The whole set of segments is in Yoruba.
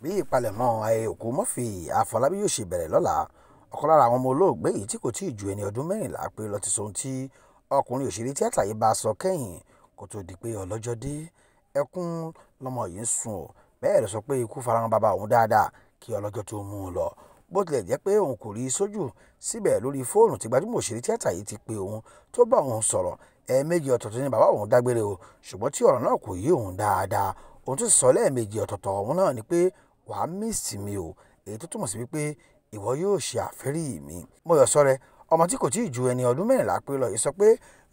bí ìpalẹ̀mọ́ ayẹyẹ òkú Murphy Àfọlábí yóò ṣe bẹ̀rẹ̀ lọ́la ọ̀kan lára àwọn ọmọ olóògbé yìí tí kò tí ì ju ẹni ọdún mẹ́rìnlá pé lọ ti sohun tí ọkùnrin òṣèré tíátà yìí bá sọ kẹ́yìn kó tó di pé ọlọ́jọ́ dé ẹkún lọmọ yìí ń sun o bẹ́ẹ̀ ló sọ pé ikú farahàn bàbá òun dáadáa kí ọlọ́jọ́ tó mú un lọ bó tilẹ̀ jẹ́ pé òun kò rí i sójú síbẹ̀ lórí fóònù tí gbajúmọ̀ òṣèré tíátà yìí ti pe òun tó bá òun sọ̀rọ̀ ẹ̀ẹ̀mejì ọ̀tọ̀ọ̀tọ̀ ni bàbá òun dágbére o ṣùgbọ́n tí ọ̀rọ̀ náà kò yé òun dáadáa òun tún sọ lẹ́ẹ̀mejì ọ̀tọ̀ọ̀tọ̀ òun náà ni pé wà á mísì mi o èyí tó túmọ̀ sí wípé ìwọ yóò ṣe àfẹ́rí mi. Mọ́yọ̀sọ́rẹ́ ọmọ tí kò tí ì ju ẹni ọdún mẹ́rìnlá pé lọ yìí sọ pé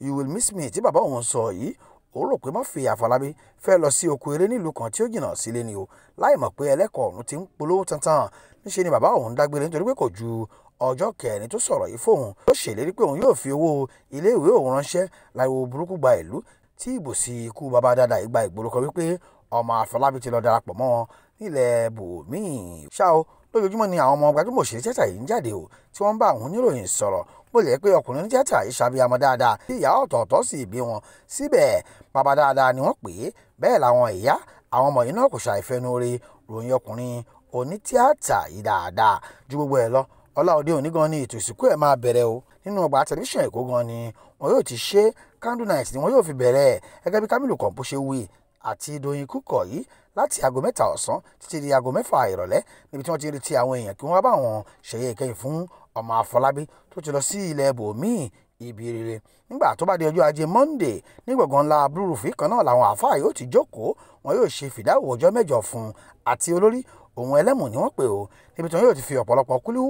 you will miss me tí bàbá òun sọ yìí ó rò pé Murphy Àfọlábí fẹ́ lọ sí oko eré nílùú kan tí ó jìnnà sílé ni o láì mọ̀ pé ẹlẹ́kọ̀ọ́ ọ̀run ti ń polówó tantan níṣe ni bàbá òun dágbére nítorí pé kò ju ọjọ́ kẹrin tó sọ̀rọ̀ yìí fóun ó ṣèlérí pé òun yóò fi owó iléèwé òun ránṣẹ́ láìwo burúkú gba ìlú tí ìbòsí ikú bàbá dáadáa ìgbà ìgboro kan wípé ọmọ Àfọlábí ti lọ darapọ̀ mọ́ wọn nílẹ̀ bòmíì ṣá o lójoojúmọ́ ni àwọn ọmọ gbajúmọ̀ òṣèré tíátà yìí ń jáde o tí wọ́n ń bá àwọn oníròyìn sọ̀rọ̀ bó lè pé ọkùnrin ní tíátà yìí ṣàbíyamọ dáadáa tí ìyá ọ̀tọ̀ọ̀tọ̀ sì bí wọn síbẹ̀ bàbá dáadáa ni wọ́n pè é bẹ́ẹ̀ làwọn ìyá àwọn ọmọ yìí náà kò ṣàìfẹnure ròyìn ọkùnrin onítíátà yìí dáadáa ju gbogbo ẹ̀ lọ ọláòdé òní gan ni ètò ìsìnkú ẹ̀ máa bẹ̀rẹ̀ o nínú ọgbà tẹlifíṣàn èkó gan ni wọn yóò ti ṣe candle night ni wọn yóò fi bẹ̀rẹ̀ gẹ́gẹ́ bí Kamilu Kompo ṣe wí àti Ìdòyìn Kúkọ̀yí láti aago mẹ́ta ọ̀sán títí di aago mẹ́fà ìrọ̀lẹ́ níbi tí wọ́n ti retí àwọn èèyàn kí wọ́n bá wọn ṣẹ̀yẹ ìkẹyìn fún ọmọ Àfọlábí tó ti lọ sí ilẹ̀ ibòmíì ibi rere nígbà tó bá di ọjọ́ ajé Monday ní gbọ̀ngàn ńlá burúfin kan náà làwọn àáfàá yóò ti jókòó wọn yóò ṣe fìdáwò ọjọ́ mẹ́jọ fún àti olórí òun ẹlẹ́mù ni wọ́n pè ó níbi tí wọn yóò ti fi ọ̀pọ̀lọpọ̀ kúlú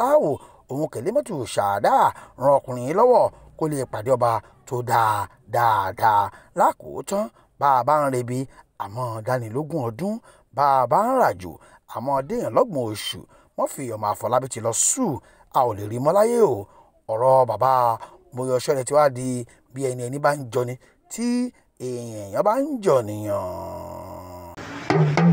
láwò òun Kèlémọ́tù Ṣàdá ran ọkùnrin lọ́wọ́ kó lè pàdé ọba tó dáa dáadáa lákòótán bá a bá ń rebi àmọ́ dánilógún ọdún bá a bá ń ràjò àmọ́ déèyàn lọ́gbọ̀n oṣù wọ́n fi ọmọ àfọlábí ti lọ sùn a ò lè rí mọ́ láyé o ọ̀rọ̀ bàbá Mọ́yọ̀ṣọ́rẹ́ ti wá di bí ẹni ẹni bá ń jọni tí èèyàn bá ń jọ̀nìyàn.